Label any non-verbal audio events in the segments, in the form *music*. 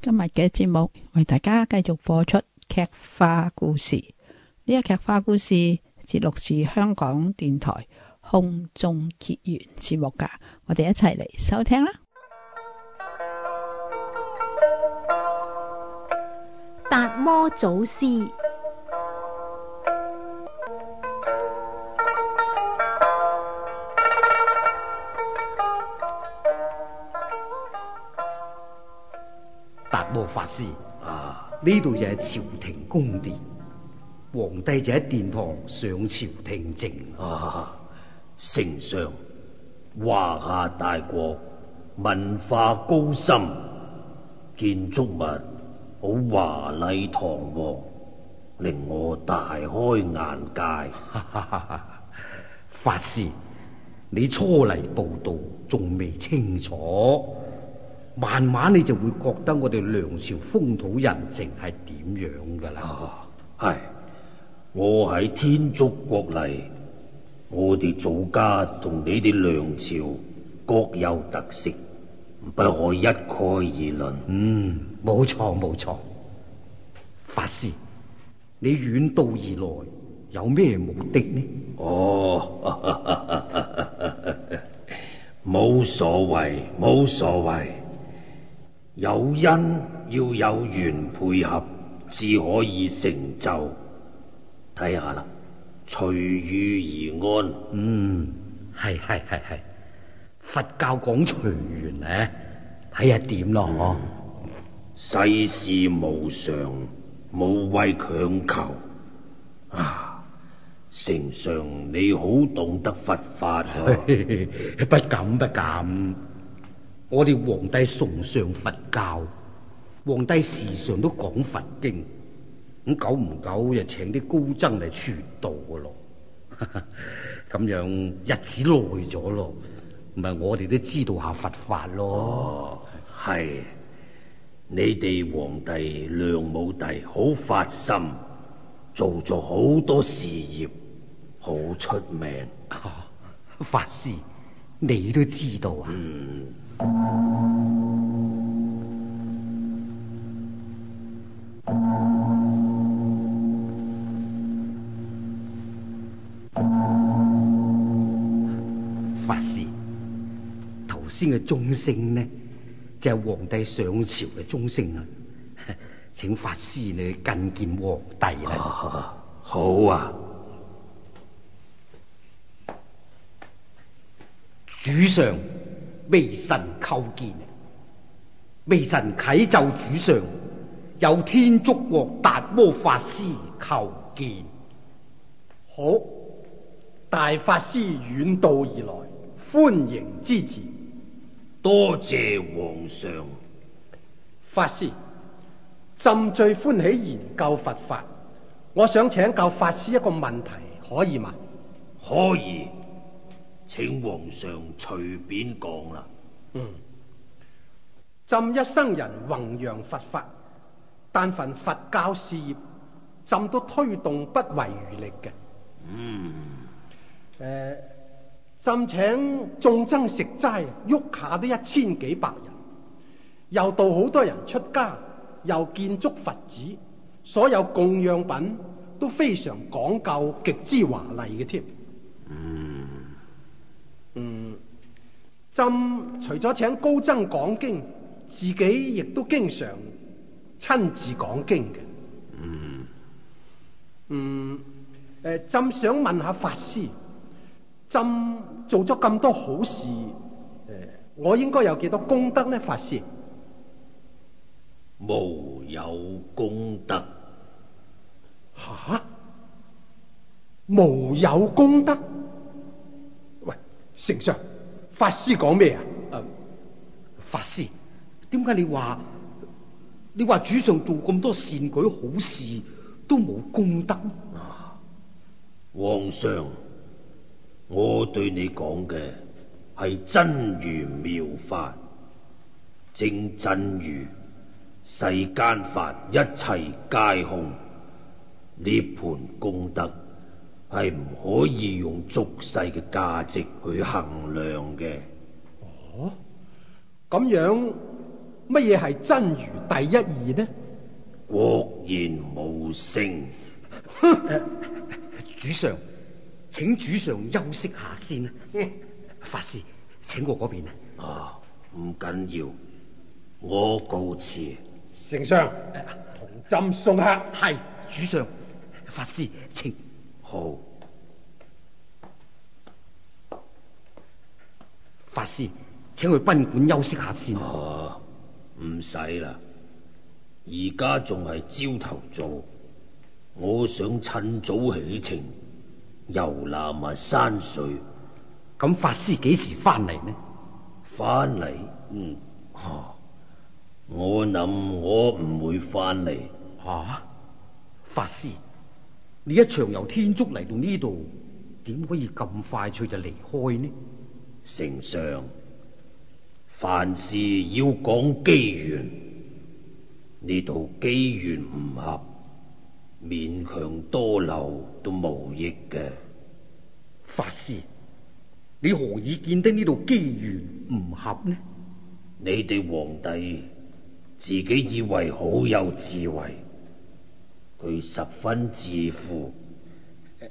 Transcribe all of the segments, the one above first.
今日嘅節目為大家繼續播出劇化故事。呢個劇化故事節錄自香港電台空中結緣節目噶，我哋一齊嚟收聽啦。達摩祖師。呢度、啊、就係朝廷宮殿，皇帝就喺殿堂上朝聽政。丞相、啊，華夏大國，文化高深，建築物好華麗堂皇，令我大開眼界。啊、法師，你初嚟報道，道，仲未清楚。慢慢你就會覺得我哋梁朝風土人情係點樣噶啦。係，我喺天竺國嚟，我哋祖家同你哋梁朝各有特色，不可一概而論。嗯，冇錯冇錯。法師，你遠道而來，有咩目的呢？哦，冇所謂，冇所謂。有因要有緣配合，至可以成就。睇下啦，隨遇而安。嗯，係係係係，佛教講隨緣呢，睇下點咯。世事無常，無謂強求。啊，城上你好懂得佛法，啊， *laughs* 不敢不敢。我哋皇帝崇尚佛教，皇帝時常都講佛經，咁久唔久就請啲高僧嚟傳道噶咯，咁 *laughs* 樣日子耐咗咯，唔係我哋都知道下佛法咯。係、哦，你哋皇帝梁武帝好發心，做咗好多事業，好出名。哦。法師，你都知道啊？嗯。法師，頭先嘅鐘聲呢，就係皇帝上朝嘅鐘聲啊，請法師你去覲見皇帝啦。好啊，主上。微臣叩見，微臣啟奏主上，有天竺國達摩法師叩見。好，大法師遠道而來，歡迎之至，多謝皇上。法師，朕最歡喜研究佛法，我想請教法師一個問題，可以嗎？可以。請皇上隨便講啦。嗯，朕一生人弘揚佛法，但凡佛教事業，朕都推動不遺餘力嘅。嗯，誒，朕請眾僧食齋，喐下都一千幾百人，又度好多人出家，又建築佛寺，所有供養品都非常講究，極之華麗嘅添。嗯嗯，朕除咗請高僧講經，自己亦都經常親自講經嘅。嗯，嗯，誒、呃，朕想問下法師，朕做咗咁多好事，誒，我應該有幾多功德呢？法師，無有功德，吓，無有功德。丞相，法師講咩啊？誒，法師，點解你話你話主上做咁多善舉好事都冇功德？啊皇上，我對你講嘅係真如妙法，正真如世間法，一切皆空，涅槃功德。係唔可以用俗世嘅價值去衡量嘅。哦，咁樣乜嘢係真如第一義呢？廓然無聖。啊。主上，請主上休息下先啦。法師，請過嗰邊啊。唔緊要，我告辭。丞相，同朕送客。係，主上。法師，請。好，法師，請去賓館休息下先。唔使啦，而家仲係朝頭早，上早上，我想趁早起程遊覽埋山水。咁、嗯、法師幾時翻嚟呢？翻嚟？嗯，啊、我諗我唔會翻嚟。吓、啊，法師。你一場由天竺嚟到呢度，點可以咁快脆就離開呢？丞相，凡事要講機緣，呢度機緣唔合，勉強多留都無益嘅。法師，你何以見得呢度機緣唔合呢？你哋皇帝自己以為好有智慧。佢十分自負，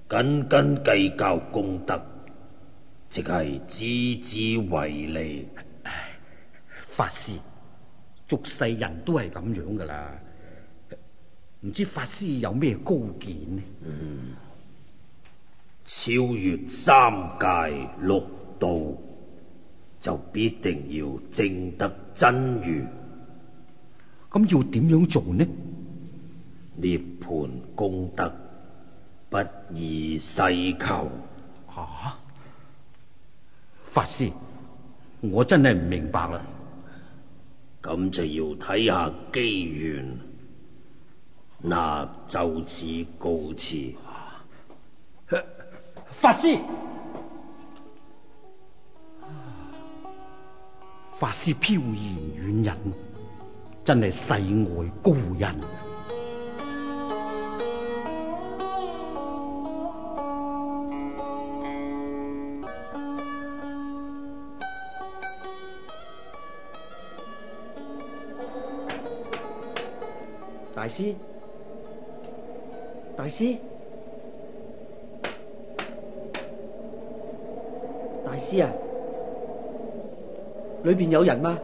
斤斤計較功德，即係孜孜為利。哎，法師，俗世人都係咁樣噶啦，唔知法師有咩高見呢？嗯？超越三界六道，就必定要證得真如。咁，嗯、要點樣做呢？涅盤功德，不宜細求。啊！法師，我真係唔明白喇！咁就要睇下機緣。那就此告辭。啊，法師， *laughs* 法師飄然遠引，真係世外高人。大師，大師，大師啊！裏邊有人嗎？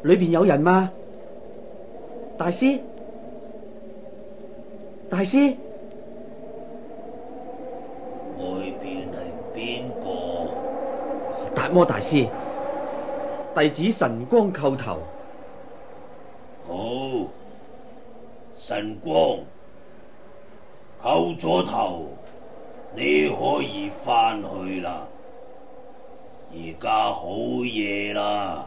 裏邊有人嗎？大師，大師，外邊係邊個？達摩大師。弟子神光叩頭，好，神光叩咗頭，你可以翻去啦。而家好夜啦，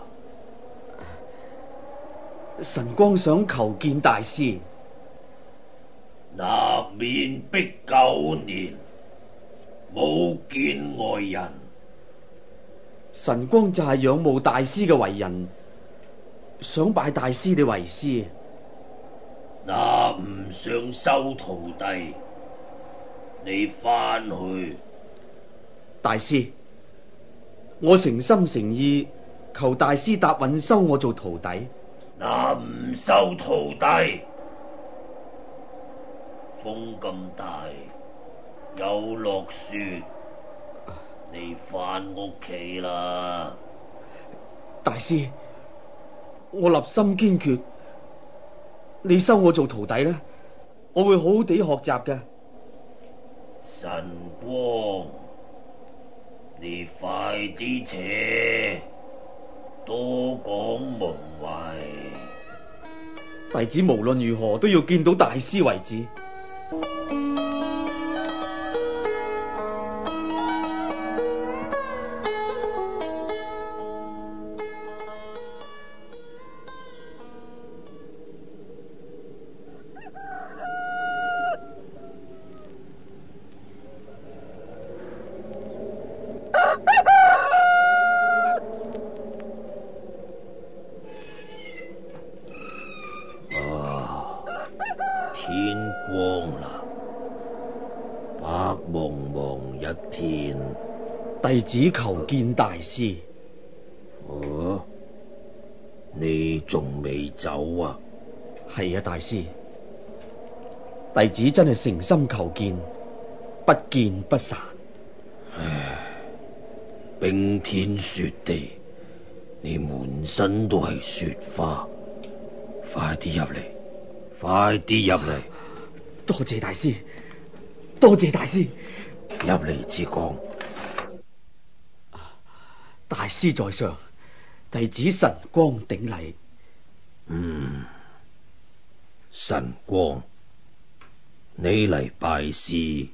神光想求見大師。那面壁九年，冇見外人。神光就係仰慕大師嘅為人，想拜大師你為師。嗱，唔想收徒弟，你返去。大師，我誠心誠意求大師答允收我做徒弟。嗱，唔收徒弟，風咁大，有落雪。你翻屋企啦，大師，我立心堅決，你收我做徒弟啦，我會好好地學習嘅。神光，你快啲扯，多講無謂，弟子無論如何都要見到大師為止。弟子求見大師。哦，你仲未走啊？係啊，大師。弟子真係誠心求見，不見不散。唉，冰天雪地，你滿身都係雪花，快啲入嚟，快啲入嚟。多謝大師，多謝大師。入嚟至講。大師在上，弟子神光頂禮。嗯，神光，你嚟拜師，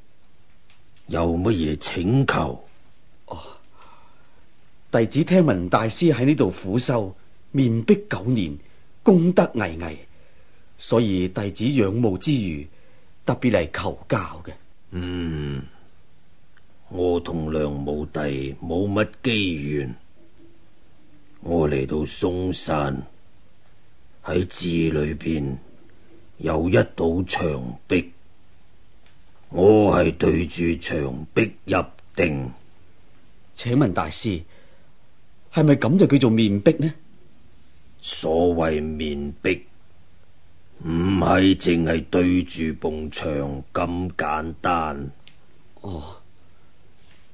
有乜嘢請求？哦，弟子聽聞大師喺呢度苦修，面壁九年，功德巍巍，所以弟子仰慕之餘，特別嚟求教嘅。嗯。我同梁武帝冇乜機緣，我嚟到嵩山，喺寺裏邊有一堵牆壁，我係對住牆壁入定。請問大師，係咪咁就叫做面壁呢？所謂面壁，唔係淨係對住牆咁簡單哦。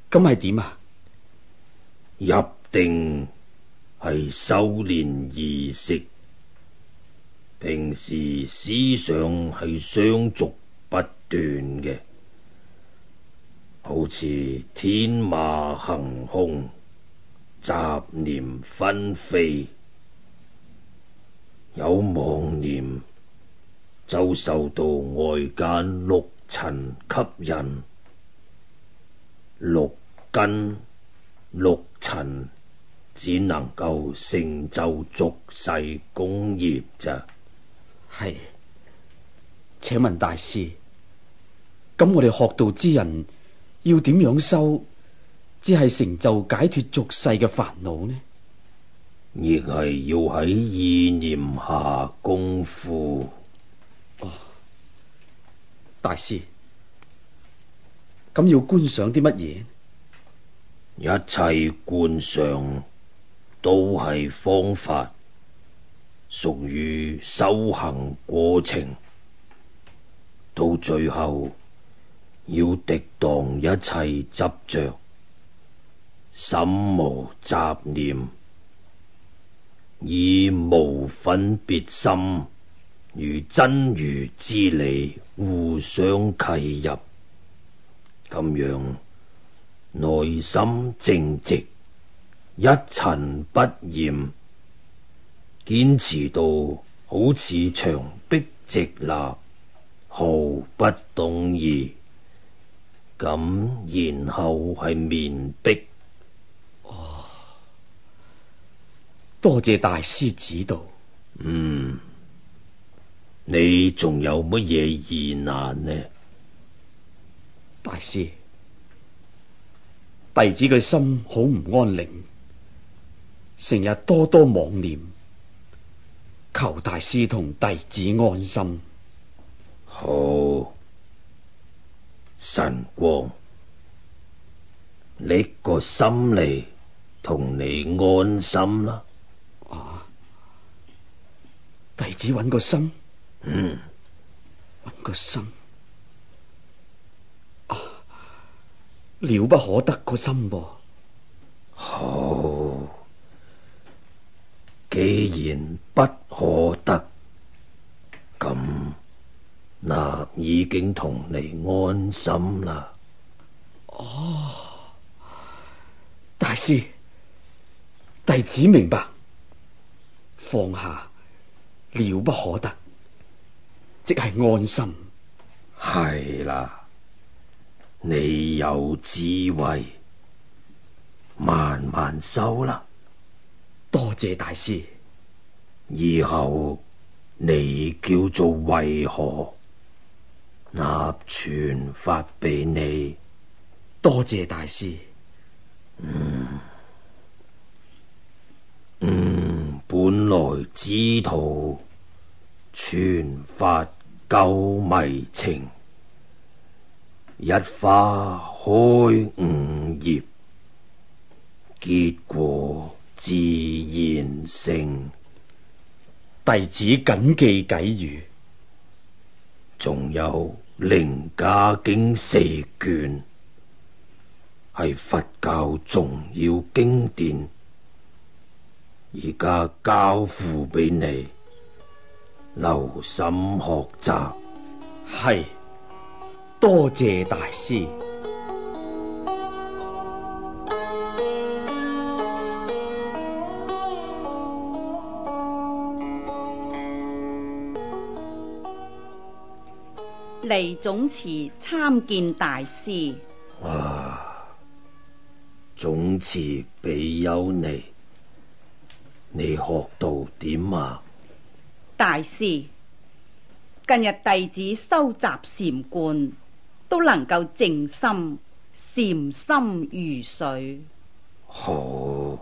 咁係點啊？入定係修練儀式，平時思想係相續不斷嘅，好似天馬行空，雜念紛飛，有妄念就受到外間六塵吸引。六根六塵只能夠成就俗世功業咋？係，請問大師，咁我哋學道之人要點樣修，只係成就解脫俗世嘅煩惱呢？亦係要喺意念下功夫。哦，大師。咁要觀賞啲乜嘢？一切觀賞都係方法，屬於修行過程。到最後，要滌蕩一切執着，心無雜念，以無分別心，如真如之理，互相契入。咁樣內心正直，一塵不染，堅持到好似牆壁直立，毫不動搖。咁然後係面壁。哦，多謝大師指導。嗯，你仲有乜嘢疑難呢？大師，弟子嘅心好唔安寧，成日多多妄念，求大師同弟子安心。好，神光，你個心嚟，同你安心啦。啊！弟子揾個心，嗯，揾個心。了不可得個心噃，好，既然不可得，咁那已經同你安心啦。哦，大師，弟子明白，放下了不可得，即係安心，係啦。你有智慧，慢慢修啦。多謝大師，以後你叫做為何，納傳法俾你。多謝大師。嗯嗯，本來之徒傳法救迷情。一花開五葉，結果自然成。弟子謹記偈語，仲有《楞伽經》四卷，係佛教重要經典，而家交付俾你，留心學習。係。多謝大師。嚟總寺參見大師。哇！總寺比丘尼，你學到點啊？大師，近日弟子收集禪觀。都能夠靜心、禪心如水。好，哦，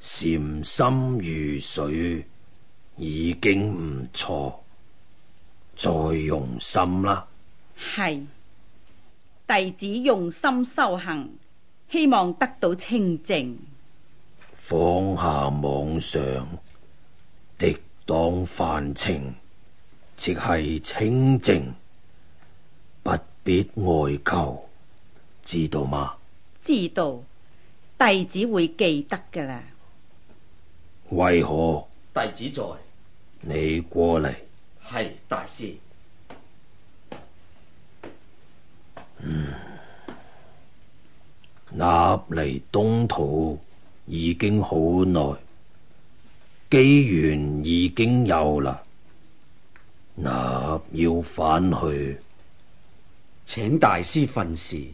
禪心如水已經唔錯，再用心啦。係弟子用心修行，希望得到清淨。放下妄想，滌蕩凡情，即係清淨。別外求，知道嗎？知道，弟子會記得㗎喇。為何？弟子在，你過嚟。係大師。嗯，立嚟東土已經好耐，機緣已經有啦，立要返去。請大師訓示。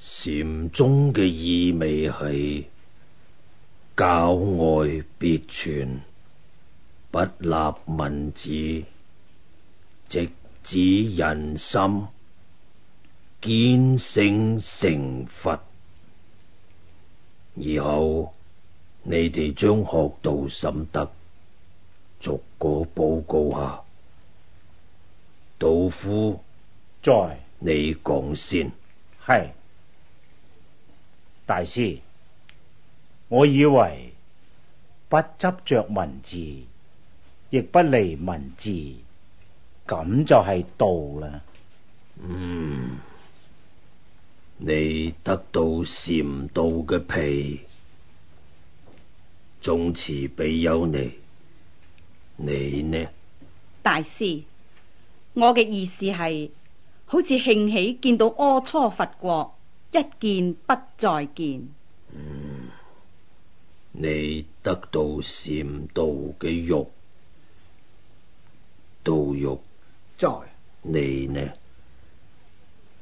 禪宗嘅意味係教外別傳，不立文字，直指人心，見性成佛。以後你哋將學到心得，逐個報告下。道夫。在你講先，係大師，我以為不執着文字，亦不離文字，咁就係道啦。嗯，你得到禪道嘅皮，終遲比有你。你呢，大師？我嘅意思係。好似興起見到阿初佛國，一見不再見。嗯，你得到禪道嘅肉，道肉在你呢？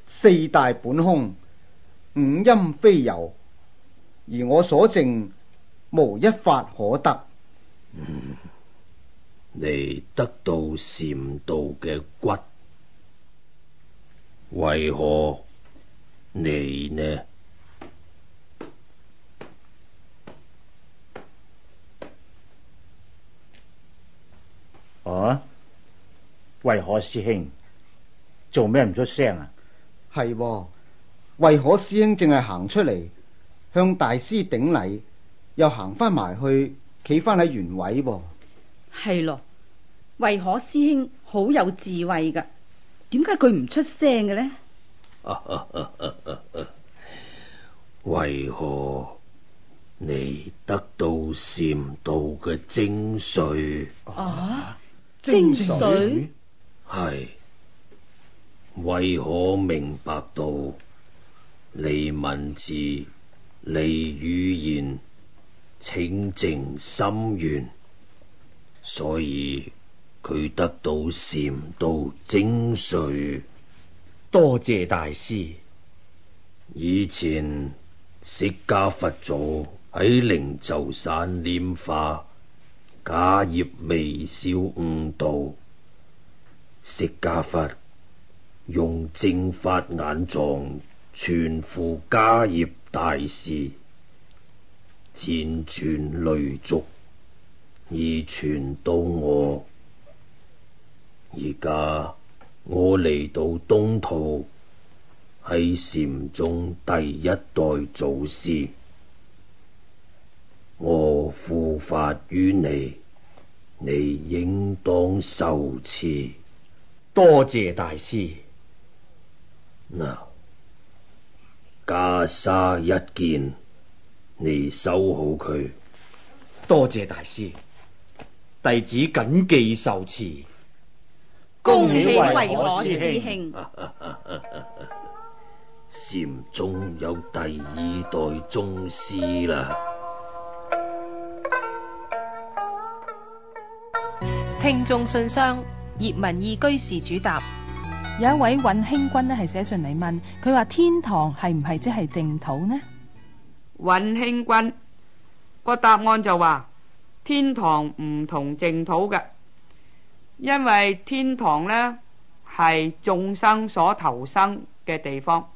四大本空，五陰非有，而我所證無一法可得。嗯，你得到禪道嘅骨。為何你呢？啊？為可師兄做咩唔出聲啊？係，為可師兄淨係行出嚟，向大師頂禮，又行翻埋去，企翻喺原位。係咯，為可師兄好有智慧噶。點解佢唔出聲嘅呢？ *laughs* 為何你得到禪道嘅精髓？啊，精髓係髓為可明白到你文字、你語言，請靜心願，所以。佢得到禪道精髓，多謝大師。以前釋迦佛祖喺靈鷲山拈花迦葉微笑悟道，釋迦佛用正法眼藏傳付迦葉大事，輾轉累續而傳到我。而家我嚟到東土，喺禪宗第一代祖師，我護法於你，你應當受持。多謝大師。嗱，袈裟一件，你收好佢。多謝大師，弟子謹記受持。恭喜為我師兄，禪宗有第二代宗師啦。聽眾信箱，葉文義居士主答，有一位尹興君呢，係寫信嚟問，佢話天堂係唔係即係淨土呢？尹興君個答案就話，天堂唔同淨土嘅。因為天堂呢，係眾生所投生嘅地方，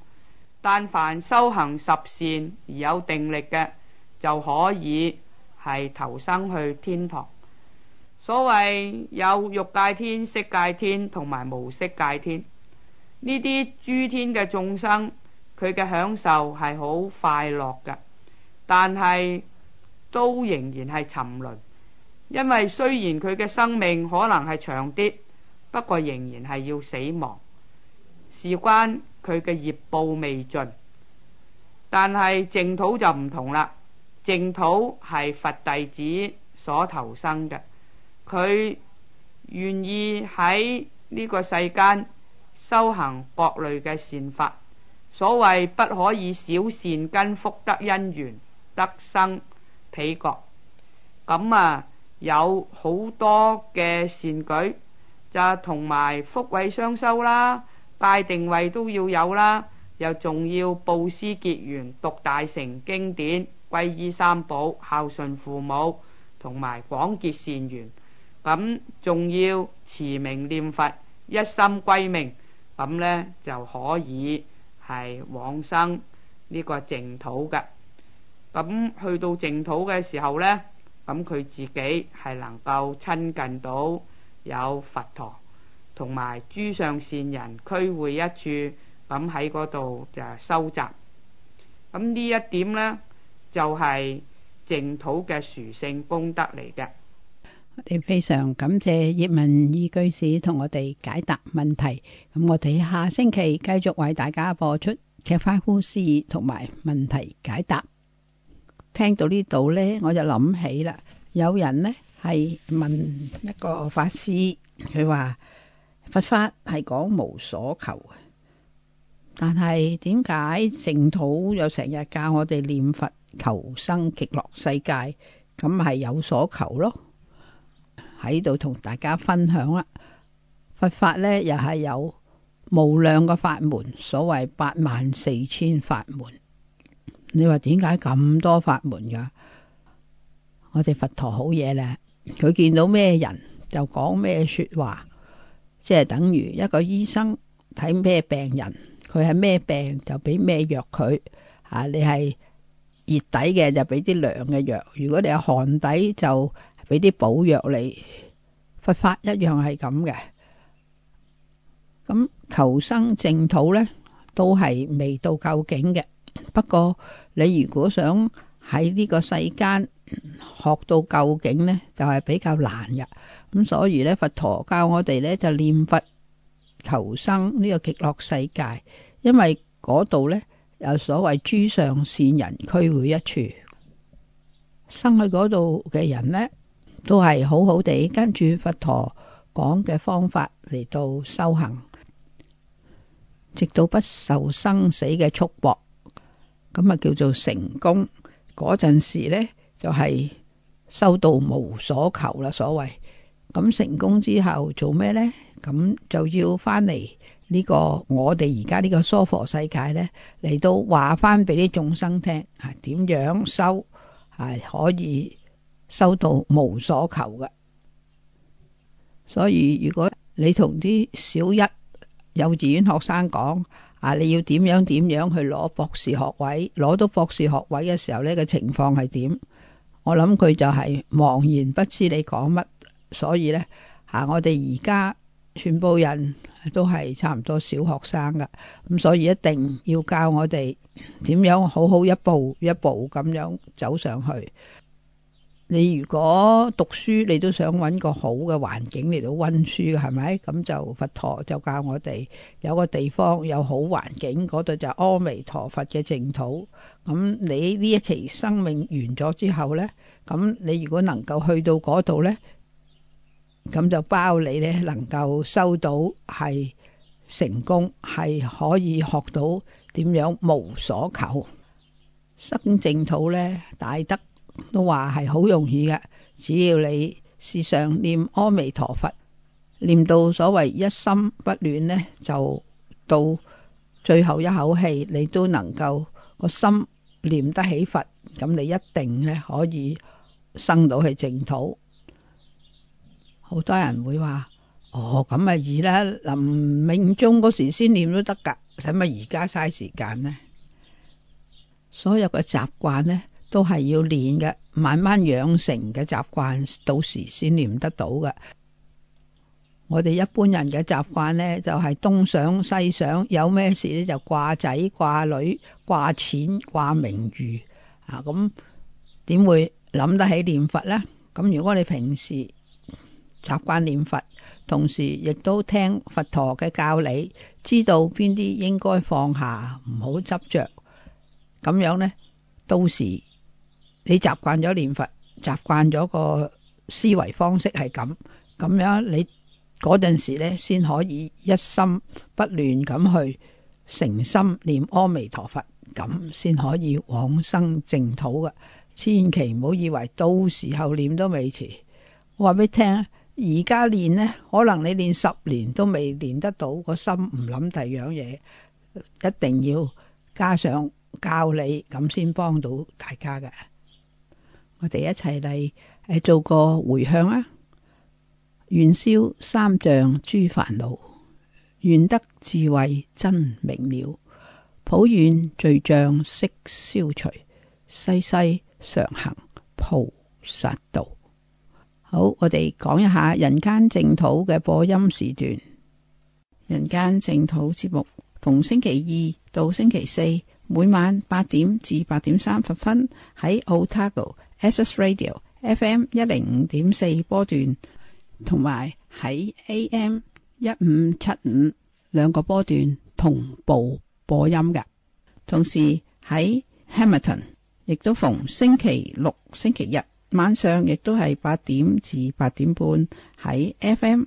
但凡修行十善而有定力嘅，就可以係投生去天堂。所謂有欲界天、色界天同埋無色界天，呢啲諸天嘅眾生，佢嘅享受係好快樂嘅，但係都仍然係沉淪。因為雖然佢嘅生命可能係長啲，不過仍然係要死亡，事關佢嘅業報未盡。但係淨土就唔同啦，淨土係佛弟子所投生嘅，佢願意喺呢個世間修行各類嘅善法。所謂「不可以小善根、福德因緣、得生彼國」。咁啊。有好多嘅善舉，就同埋福慧雙修啦，拜定位都要有啦，又仲要布施結緣，讀大乘經典，皈依三寶，孝順父母，同埋廣結善緣。咁仲要持名念佛，一心歸命，咁呢就可以係往生呢個淨土嘅。咁去到淨土嘅時候呢。咁佢自己係能夠親近到有佛陀同埋諸上善人區會一處，咁喺嗰度就收集。咁呢一點咧，就係淨土嘅殊勝功德嚟嘅。我哋非常感謝葉文義居士同我哋解答問題。咁我哋下星期繼續為大家播出劇花故事同埋問題解答。聽到呢度呢，我就諗起啦。有人呢係問一個法師，佢話：佛法係講無所求啊，但係點解淨土又成日教我哋念佛求生極樂世界，咁係有所求咯？喺度同大家分享啦。佛法呢又係有無量嘅法門，所謂八萬四千法門。你話點解咁多法門噶？我哋佛陀好嘢咧，佢見到咩人就講咩說話，即係等於一個醫生睇咩病人，佢係咩病就俾咩藥佢。吓、啊，你係熱底嘅就俾啲涼嘅藥，如果你係寒底就俾啲補藥你。佛法一樣係咁嘅。咁求生淨土呢，都係未到究竟嘅，不過。你如果想喺呢個世間學到究竟呢，就係比較難嘅。咁所以呢，佛陀教我哋呢，就念佛求生呢個極樂世界，因為嗰度呢有所謂諸上善人聚會一處，生喺嗰度嘅人呢，都係好好地，跟住佛陀講嘅方法嚟到修行，直到不受生死嘅束縛。咁啊，叫做成功。嗰陣時呢就係、是、收到無所求啦，所謂。咁成功之後做咩呢？咁就要翻嚟呢個我哋而家呢個娑婆世界呢，嚟到話翻俾啲眾生聽啊，點樣修係、啊、可以收到無所求嘅。所以，如果你同啲小一幼稚園學生講。啊！你要點樣點樣去攞博士學位？攞到博士學位嘅時候呢個情況係點？我諗佢就係茫然不知你講乜，所以呢，吓，我哋而家全部人都係差唔多小學生噶，咁所以一定要教我哋點樣好好一步一步咁樣走上去。你如果讀書，你都想揾個好嘅環境嚟到溫書，係咪？咁就佛陀就教我哋有個地方有好環境，嗰度就阿彌陀佛嘅淨土。咁你呢一期生命完咗之後呢，咁你如果能夠去到嗰度呢，咁就包你呢能夠收到係成功，係可以學到點樣無所求生淨土呢，大德。都話係好容易嘅，只要你時常念阿彌陀佛，念到所謂一心不亂呢，就到最後一口氣，你都能夠個心念得起佛，咁你一定呢可以生到去淨土。好多人會話，哦，咁咪易啦！臨命終嗰時先念都得噶，使乜而家嘥時間呢？所有嘅習慣呢。都係要練嘅，慢慢養成嘅習慣，到時先練得到嘅。我哋一般人嘅習慣呢，就係東想西想，有咩事呢？就掛仔掛女掛錢掛名譽啊！咁點會諗得起念佛呢？咁如果你平時習慣念佛，同時亦都聽佛陀嘅教理，知道邊啲應該放下，唔好執着，咁樣呢，到時。你習慣咗念佛，習慣咗個思維方式係咁，咁樣樣你嗰陣時呢，先可以一心不亂咁去誠心念阿彌陀佛，咁先可以往生淨土嘅。千祈唔好以為到時候念都未遲。我話俾你聽，而家練呢，可能你練十年都未練得到個心唔諗第二樣嘢，一定要加上教你咁先幫到大家嘅。我哋一齊嚟，哎，做個回向啊！願消三障諸煩惱，願得智慧真明了，普願罪障悉消除，世世常行菩薩道。好，我哋講一下人間淨土嘅播音時段。人間淨土節目逢星期二到星期四，每晚八點至八點三十分喺奧塔哥，SS Radio FM 一零五點四波段，同埋喺 AM 一五七五兩個波段同步播音㗎。同時喺 Hamilton 亦都逢星期六、星期日晚上，亦都係八點至八點半喺 FM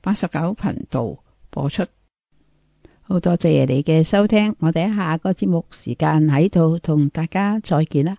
八十九頻道播出。好多謝你嘅收聽，我哋下個節目時間喺度同大家再見啦。